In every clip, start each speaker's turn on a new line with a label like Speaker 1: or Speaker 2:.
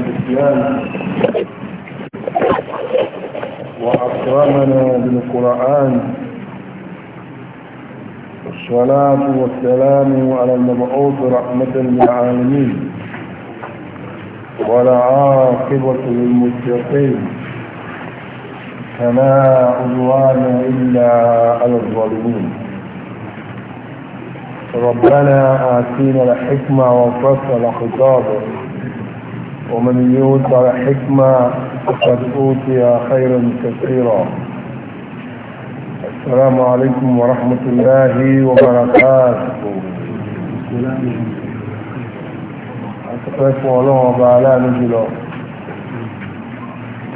Speaker 1: الإسلام وأكرمنا بالقرآن والصلاة والسلام على المبعوث رحمة للعالمين ولا عاقبة للمتقين فما عدوان إلا على الظالمين ربنا آتينا الحكمة وفصل خطابه ومن يوتى حكمة قد أوتي خيرا كثيرا السلام عليكم ورحمة الله وبركاته أتفاكم الله وبعلا نجلو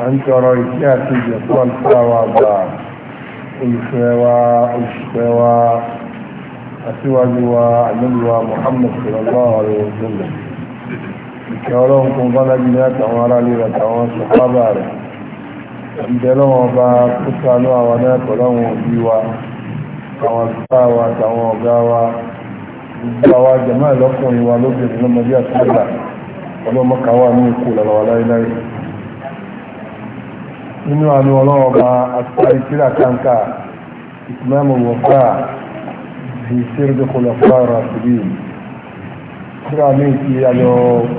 Speaker 1: أنت رئيساتي جسوان سوا بعض الفوا الفوا أسوى جوا النبي محمد صلى الله عليه وسلم ìkẹ́ ọlọ́run kún bá lájú ní àtàwọn aráàlú rẹ̀ àtàwọn sọ̀pábà rẹ̀ ìjẹ́ lọ́wọ́n bá kó sánú àwọn náà pẹ̀lú àwọn òbí wa àwọn àtúntà wa àtàwọn ọ̀gá wa gbogbo àwa jẹ̀mọ́ ìlọ́kùnrin wa lóbìnrin lọ́mọdé àtúntà ọlọ́mọkà wà ní ikú lọ́wọ́ láéláé nínú àánú ọlọ́wọ́n bá àtúntà ìtìlá kàńkà ìtìmọ́mù wọ̀fà fi sírìdì kọlọ̀fà rà síbí. Kíra mi ti ayọ̀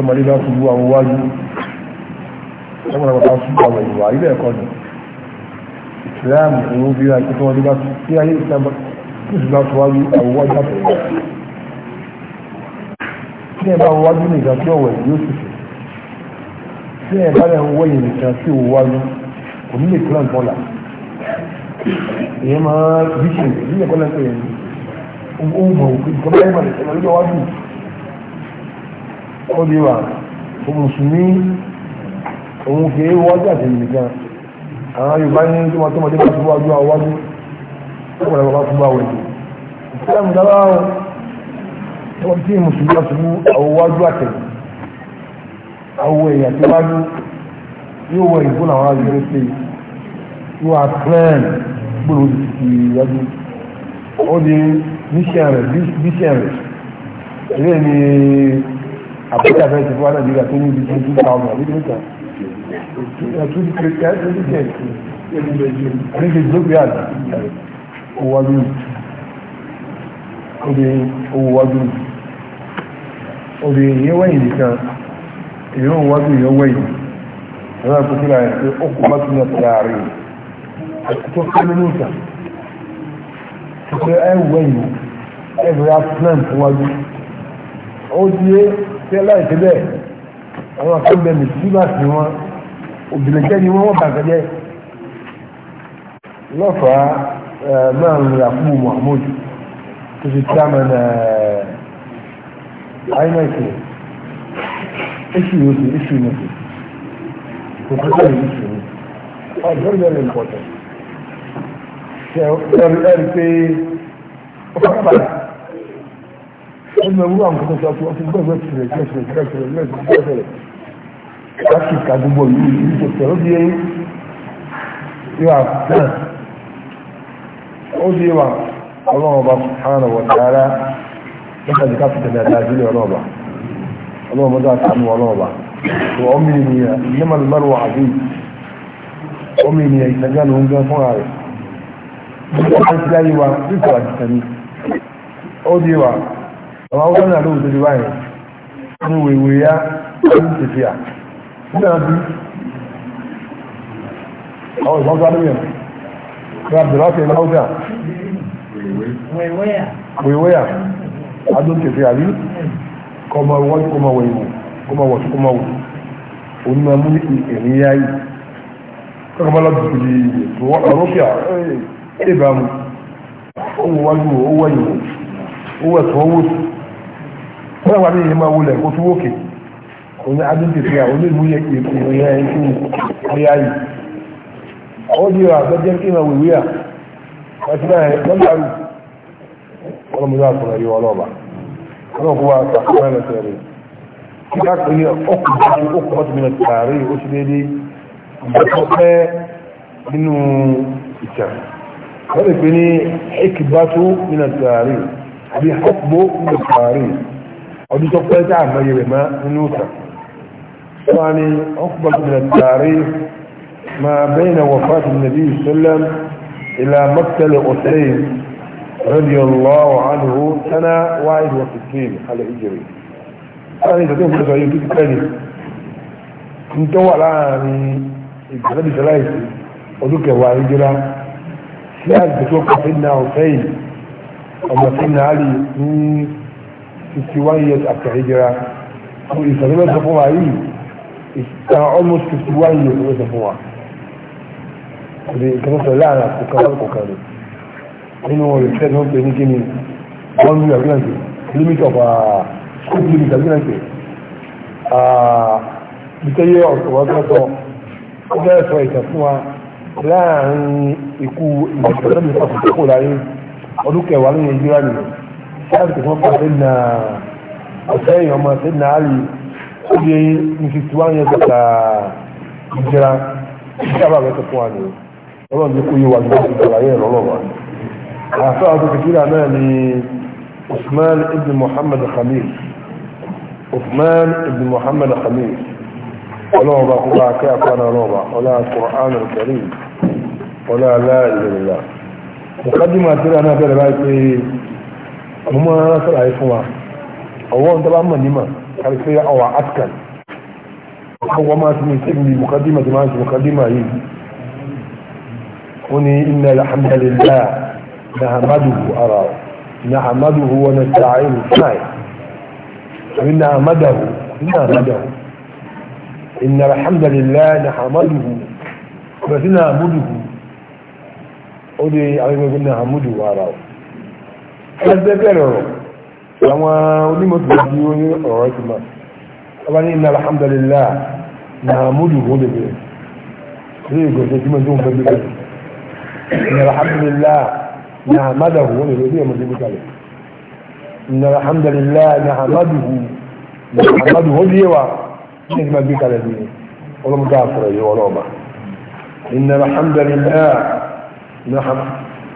Speaker 1: tọmọdé bá ṣubú àwọn wájú ẹgbẹ̀rẹ̀ bá ṣubú àwọn ìwà ilẹ̀ ẹ̀kọ́ ni islam ìwò bí i àti tọmọdé bá sí ayé islam bá ṣubájú àwọn wájú àtẹ̀yẹ tí ẹ bá wájú ní ìgbà tí ọ̀wẹ̀ yóò sì fẹ́ tí ẹ bá rẹ̀ ń wọ́ yìí nìkan sí òwò wájú kò ní lè kílọ̀ nǹkan là ìyẹn máa bí ṣe ìdílé kọ́lá ń pè é ó mọ̀ òkú ìkọ́lá ẹ̀ máa lè ṣe ó di wà mùsùlùmí òun kì í wọ́jú àti nìkan àwọn yorùbá ní tí wọ́n tó mọ̀tí bá túbú ọjọ́ àwọ́jú tó wọ́n bá túbú àwọ̀ ẹ̀jẹ̀ ìsìlámù dábà wọn tí mùsùlùmí bá túbú àwọ̀wájú àtẹ̀ àwọ̀ ẹ̀yà tí wájú yóò wọ ìbú làwọn àgbẹ̀rẹ̀ pé yóò àpẹ́ẹ̀n gbòòrò ìyájú ó di níṣẹ́ rẹ̀ bíṣẹ́ rẹ̀ ilé ni a a de que àbúkà fẹ́ ti fún wa nàìjíríà tó ní ibi tí two thousand àbí níta two three ten twenty ten àríkè lóbi àná owó wájú obì owó wájú obì ìyẹn wẹ̀yìn nìkan ìyẹn owó wájú ìyẹn wẹ̀yìn ẹ̀rọ àkókò àyẹ̀ pé ó kó bá tún lọ sí àárín tó fẹ́ nínú ìta tó fẹ́ ẹ̀ wẹ̀yìn ẹ̀ bẹ̀rẹ̀ plant wájú ó di tí ẹ láì tẹ́lẹ̀ àwọn akẹ́gbẹ́ mi tí bá sí wọn obìnrin jẹ́ ni wọ́n wọ́n bàtà jẹ́ lọ́fàá náà ń ra fún Muhammad tó ti tí a mọ̀ ní inec issue nothing issue nothing professor issue nothing oh very very important ṣe ẹ̀rí pé ó fọ́nà bàtà ẹnu ẹwúrọ àwọn kọkọ sọ fún gbẹgbẹ tìrẹ gbẹsẹ gbẹsẹ gbẹsẹ gbẹsẹ láti kàdúgbò yìí ní kòtò ó di yíwa náà ó di yíwa ọlọ́run ọba sùhánà wọ̀ tààrà nípa ìdíkà tó tẹ̀lé àti àjílẹ̀ ọlọ́ọ̀bà ọlọ́run ọba sàánú ọlọ́ọ̀bà tó ọmọ ènìyàn nímọ̀ lọ́rọ̀ àbí ọmọ ènìyàn ìtajà ló ń gbẹ fún ààrẹ ó di yíwa àwọn ọgbọ́n náà ló wùdó báyìí ní wèwè ya ní tètè à nígbà náà bí àwọn ìbọn tó adúmíyàn ní abdùlá ṣe ní ọjà wèwè à adó tètè àbí kọmọ wọ́n kọmọ wẹ̀yìn kọmọ wọ̀tú kọmọ wù onímọ̀ mú ìrìn yá yìí kọkọ bá lọ́dún kìlì ètò ọ̀rọ̀fíà ẹ̀ ẹ̀ bá mu ó wọ́n wájú ó wẹ̀yìn ó wẹ̀ tó wọ́sùn wọ́n wà ní ìyẹn máa wulẹ̀ kó tún wókè oní adúntì fi àwọn onímúyẹ ìròyìn ẹ̀yìn tí wọ́n yá yìí ó di ọ̀ àgbẹ́jẹ́ kí ìmọ̀ wìwí à láti náà ẹ̀ lọ́gbàrú wọ́n mú náà sọ̀rọ̀ yìí ọlọ́ọ̀bà wọ́n kó wa sàkóyè lọ́sẹ̀ rẹ̀ kí ká pè é ọkùnrin ọkùnrin ọtí mi náà tààrí nínú ìtàn wọ́n lè pè ní ẹ̀kìbátó mi náà tààrí àbí ọkùnrin mi náà tààrí ọdún tó pẹ́ tí àmọ́yẹ rẹ̀ máa nínú ìtàn wọ́n ni ọkùnbọ̀n tó bẹ̀rẹ̀ tààrí ma bẹ́ẹ̀nà wọ̀fáàtì nàbí ìsọ́lẹ̀m ilá mọ́tẹ̀lẹ̀ ọ̀sẹ̀yìn radiyallahu anhu sana wáyé wọ́n ti gbé alẹ́ ìjẹ̀rẹ̀ wọ́n ni ìtàn tó yẹ kíkí pẹ́ ni ń tó wà láàrin ìgbàlẹ́bí sọláìsì ọdún kẹwàá ìjọra sí àgbẹ̀tọ́ kọfí náà ọ̀sẹ̀yìn ọmọ sí náà 51 years after hijira àwọn ìsọ̀rọ̀ bẹ́ẹ̀ sọ fún wa yìí ìsàn almost fifty one years ló the fún wa kò lè kí wọ́n sọ láàrin àkókò àkókò rẹ̀ nínú rẹ̀ fẹ́ ní wọ́n pè ní kíni one million agreement limit of uh, scope limit agreement ìtẹ́yẹ uh, ọ̀sọ̀rọ̀ tó sọ ó bẹ́ẹ̀ sọ ìtàn fún wa láàrin ikú ìgbàgbọ́dọ̀ mi sọ̀tún tó kò láyé ọdún kẹwàá lóye ìjírá nìyẹn سألت فوق سيدنا حسين وما سيدنا علي قل لي في سواني بك مجرى شبا بك سواني والله يقول لي واجبا في سلايين والله أعطاه كثير أنا لعثمان ابن محمد الخميس عثمان ابن محمد الخميس والله الله الله كيف أنا روما ولا القرآن الكريم ولا لا إله إلا الله مقدمة أنا في رواية mo máa ṣàlàyé fún wa ọwọ́ ń dábàá mọ̀ nímọ̀ kárí pé ọwà atkan ọwọ́ máa ti ní sẹ́gun ní mùkádìmà tí máa ń ṣe mùkádìmà yìí ó ní inna alhamdulillah nahamaduhu ara nahamaduhu wa nasta'inu sáì àbí nahamaduhu nahamaduhu inna alhamdulillah nahamaduhu bẹ̀rẹ̀ sí nahamaduhu ó ní àwọn ẹgbẹ́ nahamaduhu ara ọ̀. ẹgbẹ́ bẹ̀rẹ̀ ọ̀rọ̀ àwọn onímọ̀ tó ti ó ní ọ̀rọ̀ ti máa ọba ní iná alhamdulillah na múdù ó lè bẹ̀rẹ̀ ní ìgbésẹ̀ tí mo tó ń fẹ́ bẹ̀rẹ̀ iná alhamdulillah na mádà ó lè bẹ̀rẹ̀ ọmọdé mi kalẹ̀ iná alhamdulillah na hamadu na hamadu ó lè wa ní ìgbà bí kalẹ̀ bí ọlọ́mọdé àfọ̀rọ̀ yìí ọlọ́ọ̀ba iná alhamdulillah na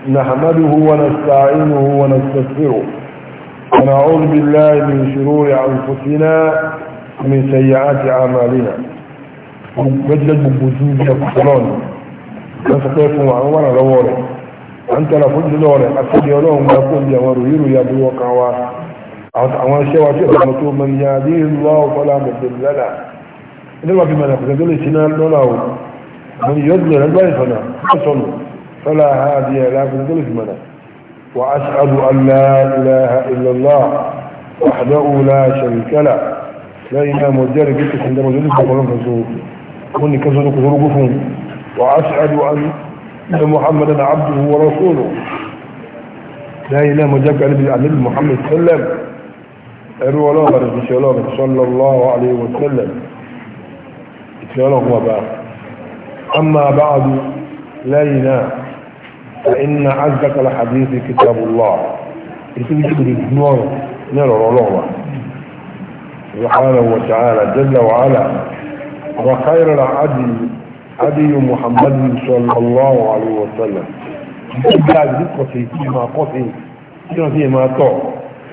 Speaker 1: نحمده ونستعينه ونستغفره ونعوذ بالله من شرور أنفسنا ومن سيئات أعمالنا مجلد بوجود يقولون نستطيع وعوانا رواري أنت لفضل دوري أكد يولوهم يقول جوار يا يبلو وقعوا أعوان شواتي رحمته من يهديه الله فلا مضل له إنما بما من أخذ ذلك سنان من يضلل البيت فلا أصله فلا هادي لا فلدلك منا وأشهد أن لا إله إلا الله وحده لا شريك له لأن مجال جدك عند مجال الزمان فسوه كوني كسر قصرقهم وأشهد أن محمدا عبده ورسوله لا إله مجال قال النبي محمد صلى الله عليه وسلم أروى الله صلى الله عليه وسلم إتلالهم وبعد أما بعد لينا فإن أصدق الحديث كتاب الله يسوي كبر الدنور نرى الله سبحانه وتعالى جل وعلا وخير العدل هدي محمد صلى الله عليه وسلم بعد ذكرتي ما قطعي كما ما طع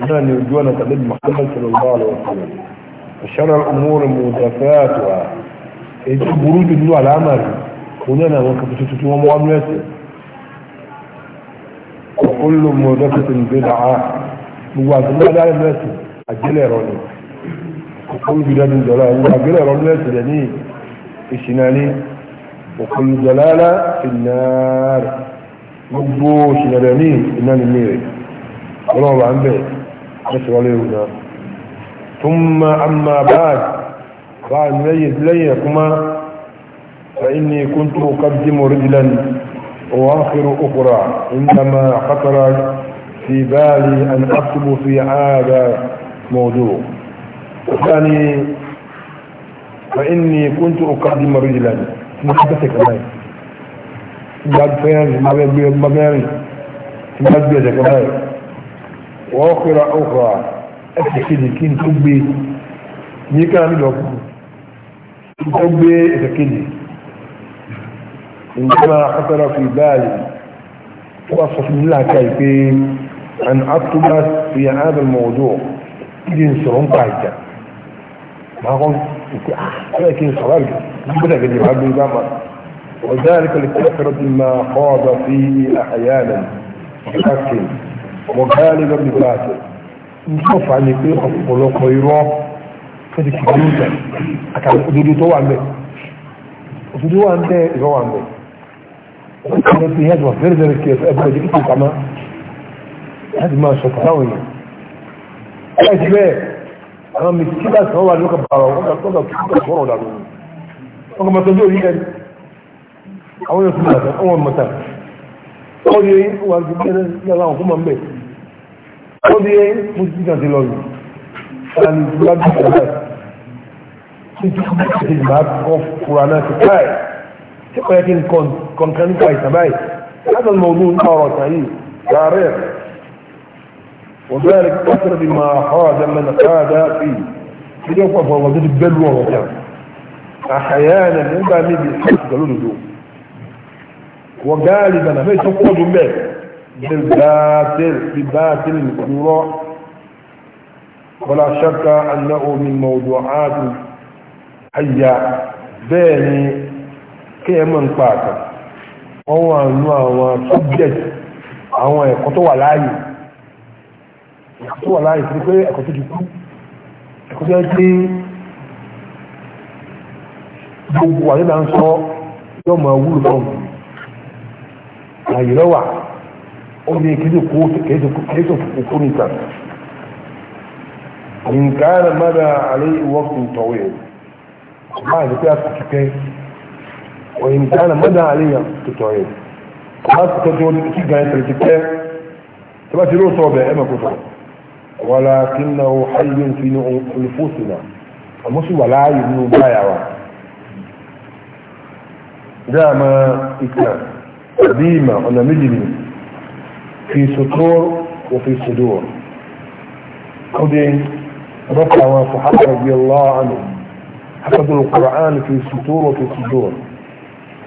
Speaker 1: كان يرجون تبد محمد صلى الله عليه وسلم وشر الأمور مدفاتها إذا برود النوع العمل هنا وكفتتوا ومعاملاته كل مودفة بدعة موازنة لا الناس أجل روني وكل بلاد ضلال أجل روني الناس يعني إشناني وكل ضلالة في النار مبوش نراني إنان الميري الله عن بيت نسوا عليه هنا ثم أما بعد بعد ليس لي كما فإني كنت أقدم رجلا وآخر أخرى إنما خطر في بالي أن أكتب في هذا موضوع ثاني فإني كنت أقدم رجلا محدثك معي بعد فين مباري محدثك معي وآخر أخرى أتكيد كنت أبي نيكا كان لو كنت أبي أتكيد عندما خطر في بالي وصف لها كيفين أن أطلب في هذا الموضوع إذن سرهم طايتا ما قلت لكن صلاة بدأ قد هذا الإمام وذلك لكثرة ما قاض فيه أحيانا بحق وغالبا بفاسد نصف عن يكون أفضل خيره فدي كبيرة أكاد أدودو طوعا عمي أدودو طوعا إذا كان في هذا غير ذلك كيف ابو جئت كما هذا ما شكراوي اجبه انا مشكله هو اللي كبره هو كبره كبره ده هو ما تجوي يعني او يسمع او متى ó di eyín fún wa ju bí ẹni ní aláwọ̀ fún mọ̀mọ́ ó di eyín fún jíjà ti lọ rí ara ní ìtura bí ìtura náà títí ìgbà kọ́ fura náà ti káyìí ولكن كون كون كنت كويس باي هذا الموضوع هو صحيح تاريخ وذلك كثر بما حاد من قاد فيه في يوم فهو وزير البلوى وغيره أحيانا يبقى ميدي حق قالوا له وغالبا ما يتقوض به بالباطل بباطل الكورة ولا شك أنه من موضوعات حية بين kí ẹ mọ̀ wọ́n wà nú àwọn subject àwọn ẹ̀kọ́ tó wà láàyè ẹ̀kọ́ tó wà láàyè sí pé ẹ̀kọ́ tó ti ẹ̀kọ́ tó yẹ pé gbogbo wà nígbà ń sọ yóò mọ̀ wúlò fọ́ọ̀mù àyè lọ́wà ó ní kí ló kó kó ní وإن كان مدى عليا تطعيم خاصة تقول كيف هي تلتكاء تبقى له صوبة إما كفر ولكنه حي في نفوسنا المسلم ولا يبنو بايعوا دعما إكلام قديمة أنا مجمي في سطور وفي صدور قدين رفع وصحابة رضي الله عنه حفظ القرآن في سطور وفي صدور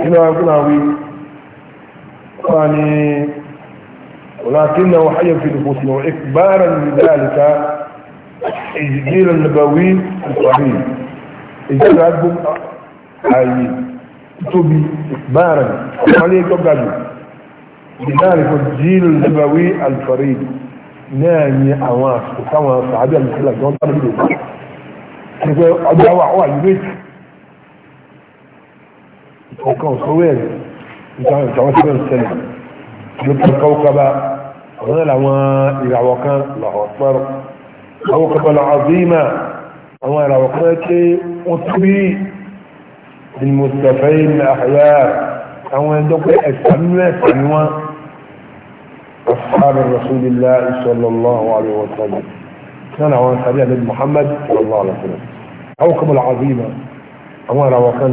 Speaker 1: هنا يقول يعني ولكنه حي في نفوسنا وإكبارا لذلك الجيل النبوي الصحيح الجيل عندهم أي تبي إكبارا عليه قبل لذلك الجيل النبوي الفريد ناني أواس كما صحابي المسلم كما قالوا أبي الفريد واحد بيت ọkàn òṣòwò ẹ̀rí ìtàwọn tí wọ́n ṣẹlẹ̀ ló kọ́ kọ́kọ́bá àwọn náà làwọn ìràwọ̀ kan lọ́wọ́ pẹ́rọ àwọn kọ́kọ́ lọ́wọ́ bímà àwọn ìràwọ̀ kan tí wọ́n tóbi ìmùsọ̀fẹ́ ilẹ̀ àyà àwọn ẹjọ́ pé ẹ̀sà nínú ẹ̀sà ni wọ́n ọ̀sán rasulillah sallallahu alaihi wa sallam كان عن حبيب محمد صلى الله عليه وسلم أو كما العظيمة أمارة وقال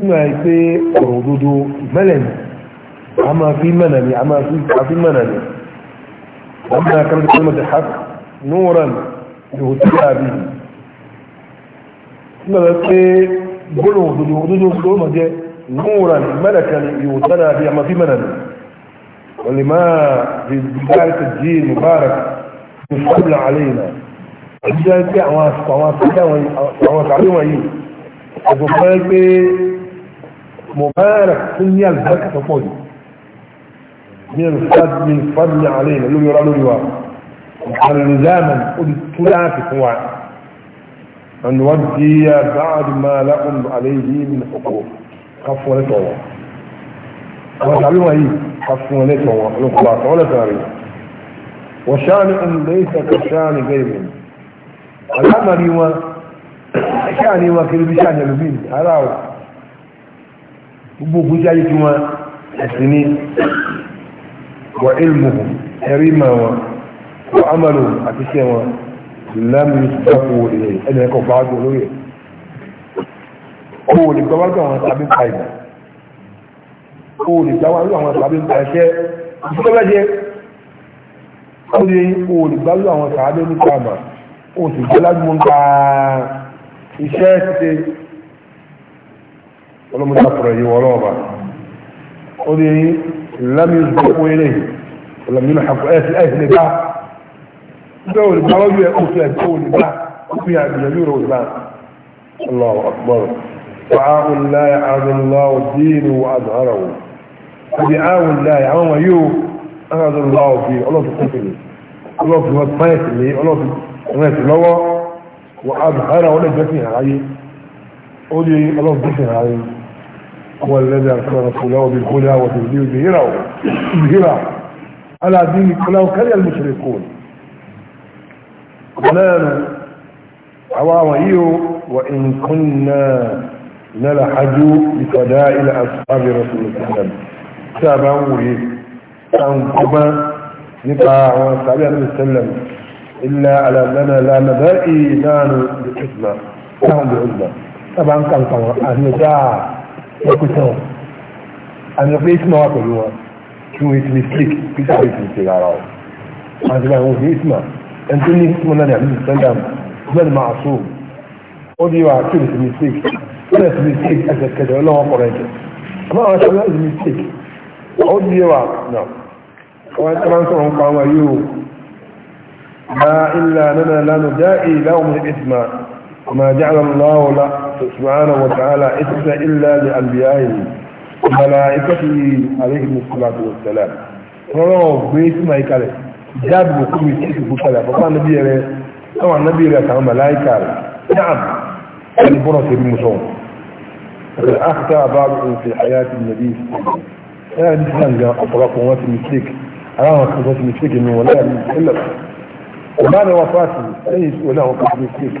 Speaker 1: nínú àìpé ọ̀rọ̀ òdodo ìmẹ́lẹ̀ ni a máa fi mẹ́nà ni a máa fi kàfí mẹ́nà ni wọ́n máa kàrí kọ́lọ́mọ̀tì hak nùúrán ìhòtí àbí nínú àìpé gbọ́nà òdodo òdodo gbọ́nà jẹ́ نورا ملكا يوتنا بما في منن ولما في بداية الدين مبارك مش قبل علينا بداية عواص عواص عواص عليهم ايه أبو مبارك سن يلبك تقول من الفضل من الفضل علينا لو يرى لو يرى وكان لزاما قد ثلاث سواء أن نودي بعد ما لهم عليه من حقوق الله لتوا وتعلموا هي كفوا لك الله ولا وشان أن ليس كشان غيره الأمر هو شانئ كل بشان يلبين هو gbogbo ògbésí ayé tí wọ́n ẹ̀sìn ní wọ ilmu ẹ̀rí ma wọn wọ amalu àti iṣẹ́ wọn lámì ìsìnkú ilẹ̀ ẹni ẹ̀kọ́ bá gbọ́ lórí ẹ̀ kó o lè gbọ́ wájú àwọn tàbí pa ìmọ̀ kó o lè gbọ́ wájú àwọn tàbí pa ẹ̀ṣẹ́ ìṣẹ́lẹ́jẹ́ ó lè kó o lè gbájú àwọn tàbí nípa àmà ó sì gbọ́ lájú ń pa iṣẹ́ ṣe ọlọ́mọdé àtọ̀rọ̀ yìí wọ́n lọ́ọ̀bà ó di lámì ìgbòkó eré ọ̀làmì ìlú àkọ́ ẹ̀sì ẹ̀sì lè bá ṣé o lè bá wọ́n yú ẹ̀ oṣù ẹ̀sì o lè bá ó fi àgbìyànjú rẹ̀ òṣùlá Allahu akbar fàáhùn láyé àdùnláwò dínú àdùnáràwò àbí àhùn láyé àwọn wọn yóò àdùnláwò fi ọlọ́ọ̀fù kọ́fìlì ọlọ́ọ̀fù wọn pẹ́ẹ́sì lé ọlọ́ọ̀fù wọn ẹ̀sì lọ́wọ́ wọn àdùnáràwò lè jẹ́ fi hàn áyé ó di ọlọ́ọ̀fù jẹ́ fi hàn áyé هو الذي أرسل رسوله بالهدى وتبديه ظهره ظهره على دين كله كره المشركون قلال عواويه وإن كنا نلحج بفضائل أصحاب رسول الله صلى الله عليه وسلم سابعوه أنكما نقع الله عليه وسلم إلا على أننا لا نبائي نان بالحزمة نعم بالحزمة طبعا كان طبعا أهل جاء ẹkùtàn wọn àmì ọ̀pẹ́ ìsìnà wà pẹ̀lú wọn kí wọ́n ti mistake peter wọ́n ti mistake ara wọn àti báyìí wọ́n fi ìsìnà ẹni tó ní ìsìnà náà ní àbí sẹ́ńdà bẹ́ẹ̀ máa so ó di wà kí wọ́n ti mistake wọ́n ti mistake ẹsẹ̀ kẹsẹ̀ ọlọ́wọ́ kọ̀rọ̀ ẹ̀jẹ̀ àmọ́ àwọn aṣọ wọ́n ti mistake ó di wà nà wọ́n ti máa ń sọ̀rọ̀ nípa wọn yóò ma ilà nana lánàá dá ìlà òun ìsìnà mà jẹ́ àlọ́ سبحانه وتعالى إذن إلا لأنبيائه وملائكته عليهم الصلاة والسلام ولو بيت ما يكاله جاب بكم في كلا فقال النبي عليه أو النبي رأي كان ملائكة نعم البرس بمسون لقد أخطأ بعضهم في حياة النبي صلى الله عليه وسلم يعني الإنسان جاء أطلق ومات المسلك أراه خطوة المسلك من ولا إلا وبعد وفاته أي ولا وفاته المسلك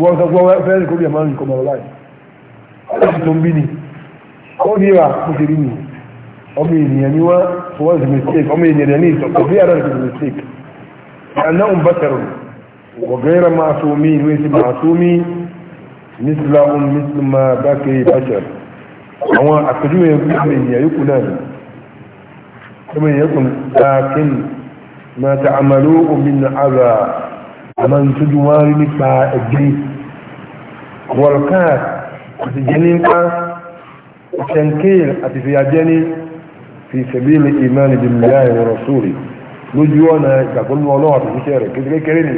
Speaker 1: wọ́n sọ pé fẹ́ẹ́ rí kórìí ẹ̀ máa ń kọ́ mọ̀rọ̀ láì ọ̀rọ̀ tó ń bí ni ó ní ìwà kó ṣe rí nìyí ọmọ ènìyàn ni wọ́n wọ́n ṣe mistake ọmọ ènìyàn ní ìsọ̀kọ̀ bí ara ṣe mistake ẹ̀nà ń bàtẹ̀rù ọ̀gẹ́rẹ́ máa so mí ìwé sí máa so mí nísìlá ohun nísìlá máa àwọn àpèjúwe ọmọ ènìyàn yókù náà ni ọmọ ènìyàn kò dákin máa ta àmàlú omi na àmọ́ nítorí wọ́n rí nípa ẹgbẹ́ wọlkán àti jẹnìkà ṣẹǹkéèl àti fìyàjẹni fi sẹ̀bílì ìmáàlì bí mìíràn àwọn rọ̀sùlì lójú ọ̀nà ìgbàgbọ́nú ọlọ́wà tó ṣiṣẹ́ rẹ̀ kékeré ni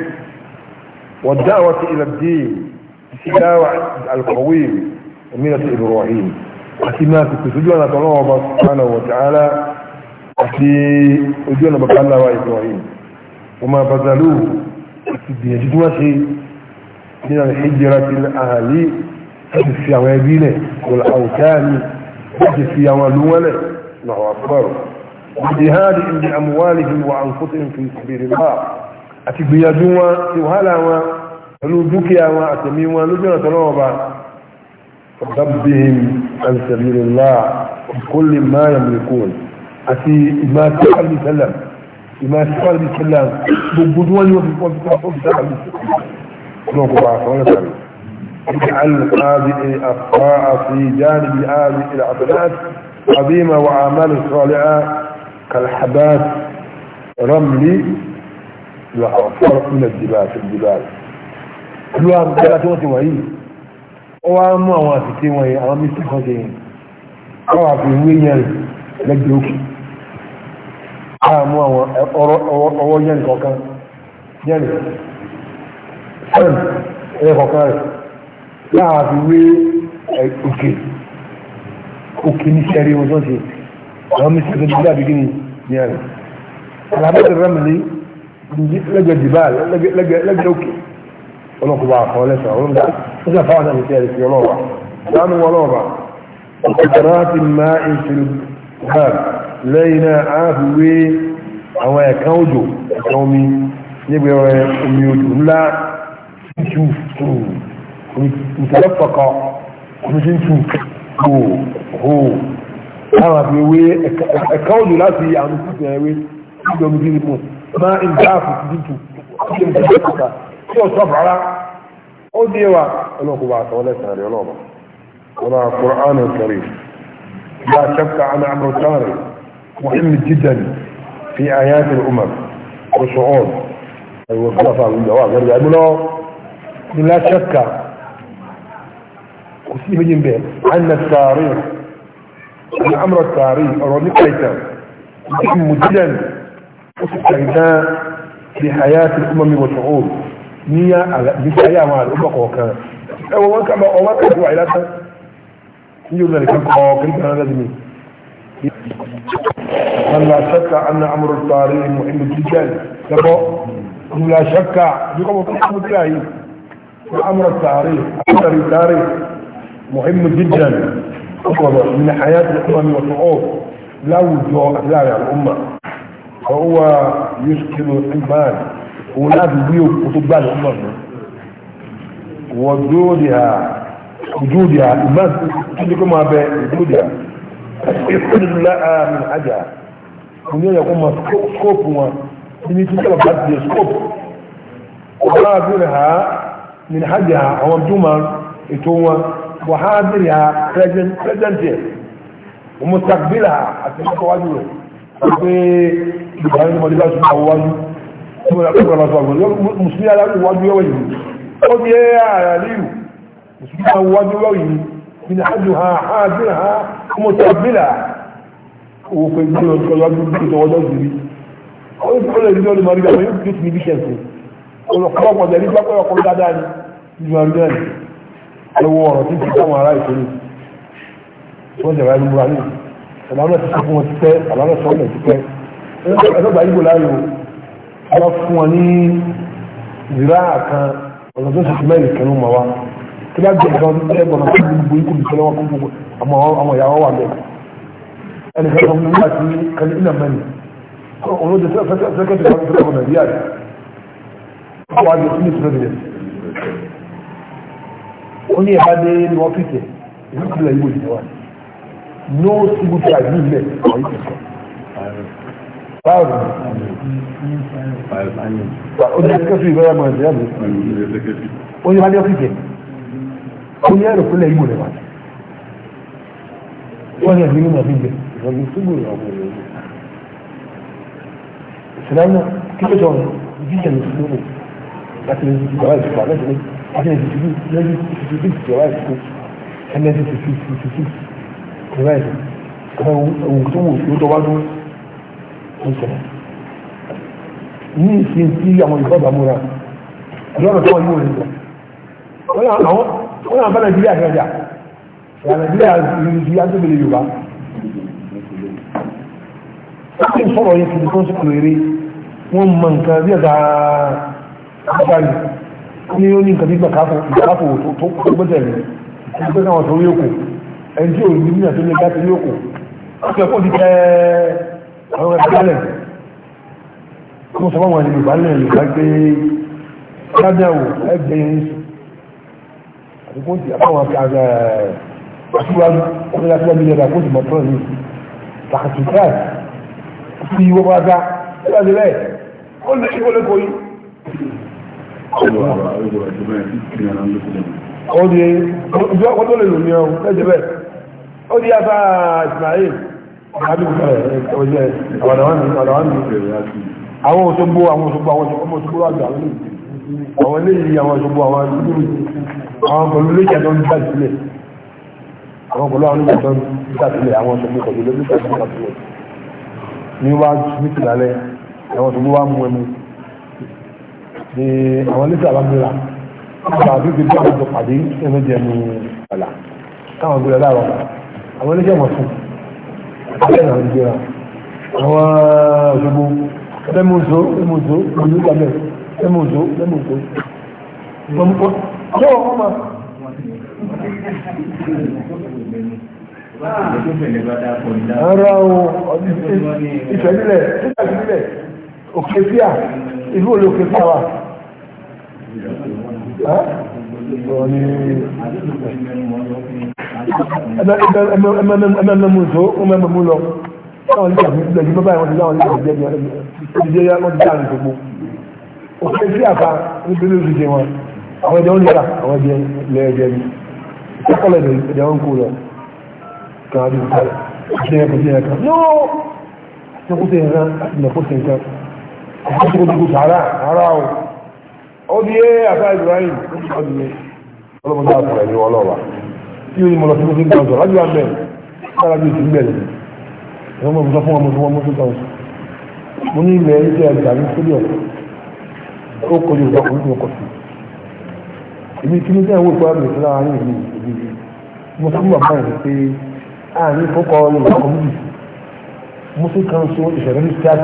Speaker 1: wọ́n dáwọ́ sí ilẹ̀ díì ìṣẹ́dáwà alkọ̀wé ìmìíràn sí Ibrahim àti máa ti pèsè ojú ọ̀nà tọ́lọ́wọ́ bá sùpánà wọ̀ tààlà àti ojú ọ̀nà bàbá ńlá wa Ibrahim wọ́n máa bàtàlú الدين جدوسي من الحجرة الأهلي في السوابين والأوتان في السوابين الله أكبر بجهاد بأموالهم وأنفسهم في سبيل الله أتبيا جوا سوهلا ولوجوكيا وأتمي ولوجنا تنوبا فضبهم عن سبيل الله بكل ما يملكون أتي ما تعلم سلم ìmọ̀ ẹ̀sìkọ́lù ní kílá gbogbo tí wọ́n ní wọ́n fi pọ́n fi pọ́n fi dára ní ìsìnkú kò bá àwọn ẹ̀sàrí اجعل هذه الأخطاء في جانب هذه العبادات عظيمة وأعمال صالحة كالحبات رمل وفرق من الجبال في الجبال كل واحد ثلاثة وتوعيه وأما واسكين وهي أمامي سبحانه وتعالى أو عفوا وين لك àmú àwọn ọwọ́ yẹn kọ̀ọ̀kan yẹn sẹ́m ẹ̀yẹ kọ̀ọ̀kan rẹ̀ láàfin wé òkè òkè ní sẹ́rí wọn tó ṣe àwọn mísìlẹ̀ tó dúdú àbíkí ni yẹn rẹ̀ alábẹ́sẹ̀ rẹ́mìlì lẹ́gbẹ̀ẹ́ dìbàl lẹ́gbẹ̀ẹ́ òkè ọlọ́kùnrin àkọ́ lẹ́sẹ̀ ọlọ́dà ó sì àfáwọn àmì sẹ́rí sí ọlọ́wà láàánú ọlọ́wà lẹ́yìn náà a fi wé àwọn ẹ̀kan òjò ẹ̀kan omi níbi ọ̀rẹ́ omi òjò ńlá jù ìtẹ́lẹ́pọ̀kọ omi tí ń tù hò hò láwọn àfi wé ẹ̀kan òjò láti àwọn ìpínlẹ̀ ẹ̀wé níbi omi tí ń mú máa ń dá àfòsí títù kí ní ìtẹ́lẹ́pọ̀kọ tí ó sọ fara ó dé wa ọlọ́kùnrin bá àtàwọn lẹ́sàn-án rẹ̀ ọlọ́ọ̀bà wọn لا شك عن عمرو الثاني مهم جدا في آيات الأمم وشعوب والخلفاء والدواء غير يقولوا لا شك وسيب جنبه أن التاريخ أمر التاريخ أروني كيتا مهم جدا وسيبتنا في حياة الأمم والشعوب نية على بحياة مع الأمم وكان أول ما كان أول ما كان هو علاقة يقول لك كان قوة كان لازم من لا شك أن أمر الطارئ مهم جدا لبو من لا شك بكم تحكم أمر الطارئ أمر الطارئ مهم جدا من حياة الأمم والشعوب لا وجود لا يا الأمة فهو يشكل الإنسان ولا تبيو وطباء الأمة وجودها وجودها الناس تجي كما بوجودها ìfúnilá àmì àjà mo ní ẹ̀yẹ̀kọ́ ma skóòpù wọn níbi tí sábà bá ti dé skóòpù ọ̀rọ̀ àbúrò ha ní àjà àwọn jùmọ̀ ètò wọn wà á bèrè ha pẹ́sẹ́ntì mo tàgbélà àti mọ́tò wájú rẹ̀ pé ìgbàlẹ́ ní mọ́tò bá sùn àwọn wájú tí mo rà pé ìgbàlẹ́ sọ̀rọ̀ mùsùlùmí aláwọ̀ wájú yọ̀wọ̀ yìí ó di ẹ̀ àrà lílù mùsùlùmí aláwọ̀ wájú yọ̀wọ̀ yìí ní àjò ha ha mo tẹ bílà owó pé gbé lọ sọ lọ́dún bí ìtọ́wọ́ lọ́dún sí rí ó ń kọ́ lẹ́yìn lọ́dún mọ́rí àwọn yóò tún níbi ṣẹ̀sì olùkọ́ ọ̀pọ̀ tẹ̀lé pápẹ́ ọkọ̀ dáadáa ni ìjọ àrí náà ẹwọ ọ̀rọ̀ tí ti táwọn ará ìkórè wọ́n jẹ̀rọ ẹnu múra ní àbámọ̀ ti fún wọn ti pẹ́ àbámọ̀ sọ ọ̀nà ti pẹ́ ẹlọ́gbà yìí kò láàyò wọ́n fún wọn ní ìrá kan ọ̀nà tó sì tí bá jẹ ìjọba ní ẹgbọ̀n náà fún gbogbo ikú nìkan lọ́wọ́ fún gbogbo ọmọ ọmọ ìyàwó wà bẹ́ẹ̀ ẹni kan fún nígbà tí kan ní ìlànà mẹ́rin olóde sẹ́kẹ̀tì kan fún ọmọ nàìjíríà rẹ̀ wọ́n wá di sínú ìtúrẹ́dìrẹ́ ó ní ẹ̀ka dé ní ọ́fíìsì ìlú ìpínlẹ̀ ìwò ìjọba no single child ní ilẹ̀ ọ̀ Báwo ni? Ó jẹ́ sẹ́kẹ̀tì ìgbéyàwó ẹ̀jẹ̀ àbí? Ó yẹ wá ní ọ́fíìsì onye ẹrù fúnlẹ̀ ìgbò rẹ̀ wájú wọ́n yẹ nínú ọ̀bí bẹ̀ ìrọ̀lẹ́ ìgbò rẹ̀ ọ̀bọ̀ rẹ̀ ìsìlámù kíkọ́ jọ jíjẹ̀ ní ìsìlámù láti lè ti bàbá ìsìlámù láti lè láti lè ti lẹ́yìn ti ti ti bàbá ìsìlámù ẹni ti ti ti ti ti bàbá ìsìlámù ohun tó wù ló tọ́ wájú ó ṣẹlẹ̀ ní ìsìn tí àwọn ìfọ̀bàmúra lọ́rọ̀ tó wọ́n yóò rí lọ wọ́n náà bá nàìjíríà kan jà ìyá nàìjíríà ìyá tó bẹ̀rẹ̀ yorùbá láti sọ̀rọ̀ yẹn kìí tó ń sọ̀rọ̀ eré wọ́n mọ nǹkan bí ẹ̀dá àbáyé ní ó ní nǹkan bí ìgbàkáfò tó gbọ́dọ̀ rẹ̀ ẹgbẹ́ náà wọ́n tó rí òkú ẹni tí òun nígbà tó lè gbáti rí òkú ọ̀sẹ̀ kò ti tẹ́ àwọn ẹgbẹ́ lẹ̀ mo sọ fún àwọn nǹkan ti àbáwọn àgbà àtiwájú ọ̀gbẹ́lá tí wọ́n bí lẹ́dà kó sì mọ̀ tọ́ ní takàtúntà sí ìwọ́ bá dá nígbà tí bẹ́ẹ̀ ó lè ṣe kólé kóyí. ó di àwọn òṣogbo àwọn òṣogbo àwọn òṣogbo àgbà lónìí àwọn eléyìí àwọn ìṣògbò àwọn ìṣògbò àwọn pẹ̀lú lẹ́jà tó ń dá ìsílẹ̀ àwọn pẹ̀lú àwọn lẹ́jà tó ń dá ìsílẹ̀ àwọn ìṣògbò pẹ̀lú lẹ́jà tó ń dá ìsílẹ̀ ní wá smith lálẹ́ àwọn ìṣògbò wá mú ẹmu ní àwọn lẹ́jà bá gbéra nígbà tó ti bí àwọn pàdé ẹnu jẹ mu ọ̀la káwọn gbéra láàrọ̀ àwọn àwọn ìṣògbò ẹmu ìṣògbò ẹmọ òjò ẹmọ òjò gbọmùkọ ṣé wọn wọn ma. ara o ìfẹ̀lílẹ̀ ìfẹ̀lílẹ̀ òkè fíà ìlú olè òkè fíà wa. ẹmẹmẹmú tó ẹmẹmẹmú lọ. Àwọn ìjọba ìjọba ìwọ̀n ti dáwọn ìjọba ìjọba ìjọba ìjọba ìjọba ìjọba òfin sí àfa nítorí oṣù jẹ wọn àwọn ẹ̀jẹ̀ ń lera àwọn ẹ̀jẹ̀ lẹ́ẹ̀jẹ̀ ni ìtẹ́kọ̀lẹ̀ ẹ̀jẹ̀ wọn kú lọ kan á dùn kálẹ̀ ṣe yẹn kò sí yẹn kan yóò ṣekúṣe yẹn kan àti ìnàkóṣe nǹkan àkókò dùkú sàárà ara o ó di yé àfa Ibrahim ó di yé ọlọ́mọdé àtọ̀ ẹ̀mí wọn lọ́wọ́ tí ó ní mo lọ sí mọ́tò kan sọ lájú àmẹ́ sára bí ìsìn bẹ̀rẹ̀ ẹ̀rọ mọ̀ fún ọmọ tó wọn mọ́tò kan sọ mo ní ilẹ̀ iṣẹ́ ẹ̀dá ní sílẹ̀ ó kojú ìjọ kò ní kò kò sí èmi kí ní sẹ́yìn owó ìfọwọ́ mi síra ní ìlú ìlú mo fún bàbá yìí pé àárín ìfọ́kọ yorùbá kọ́mídì muslim council ìṣẹ̀lẹ̀ ní stat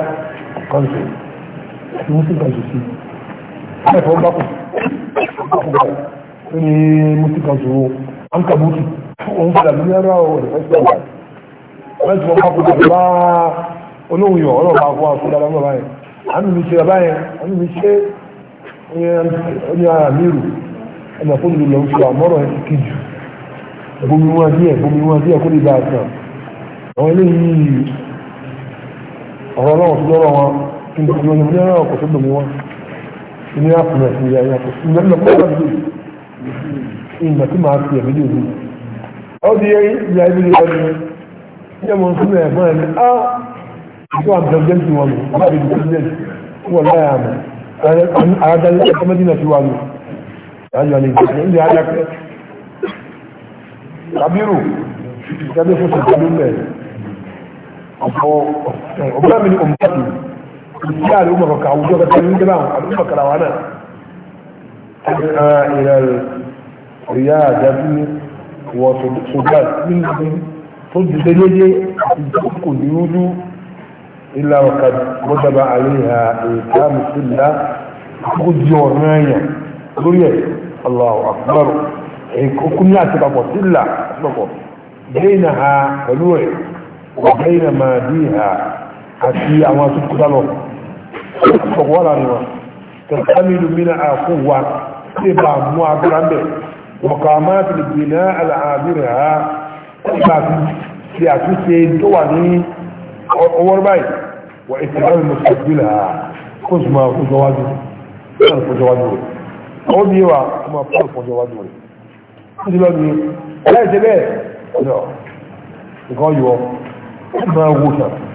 Speaker 1: council àti muslim council sí ẹ̀fọ́ bá kù ó ní muslim council wo an kà bùtù òun fún àbí yára o ẹ̀fọ́ sí ọ̀gá ẹ̀fọ́ sí ọ̀gá kò tó bá olóhùn yọ̀ ọlọ́ọ̀bá kó wá fún dáadáa bàbá mi ṣe bàbá yẹn mi ṣe ní ara mírù ẹnà fún ìlú lọ́n fún àmọ́rọ̀ ẹ̀ kí jù bomi wọn díẹ̀ bomi wọn díẹ̀ kó lè bá àtàn àwọn eléyìí ọ̀rọ̀ ọlọ́wọ̀ tó lọ́rọ̀ wọn kí n tó lọ́yìn ní ọ̀rọ̀ kò tó bomi wọn ní àpùnà sí ìyá ìyá kò sí ìyá kò sí ìgbà tí màá fi ẹ̀mí lòdì ọ́ di ìyá ibi lè ọdún yẹ mo ń fún ẹ̀gbọ́n ẹ̀ ní á ìgbà àbẹ̀jẹ̀ ti wọn lò wọ́n àbẹ̀jẹ̀ ti wọn lò wọ́n láyà àmọ́ àádájọ́ ẹ̀kọ́ mẹ́dínà ti wà ní ìdájọ́ alẹ́ ìgbẹ̀ ajákẹ́ kàbírù ìjábẹ́ fún ṣùgbọ́n lónìí ọ̀pọ̀ ọ̀pọ̀ mi ni òmùpàtì ìdí àlè ọmọ kọ̀ọ̀kọ̀ àwùjọ kẹta ní ìjọba àlùmọ̀ kàràwà náà ẹ̀ka ìrẹ̀lẹ̀ ìyá àjábí wọ sọ̀dọ̀ ní tó dùn إلا وقد وجب عليها إيتام السلة خذ يورنايا قرية الله أكبر كنا تبقى سلة بينها فلوع وبين ما بيها حتي أما تبقى فقوالا نوا تستمد منها قوة تبقى معبرا به وقامات البناء العابرها تبقى في أتوسين تواني أول بايت وإتباع مستقبلها كزما وجواده صرف وجواده أودي وما صرف وجواده كزما لا يتباع لا يقول يوم ما هو شرط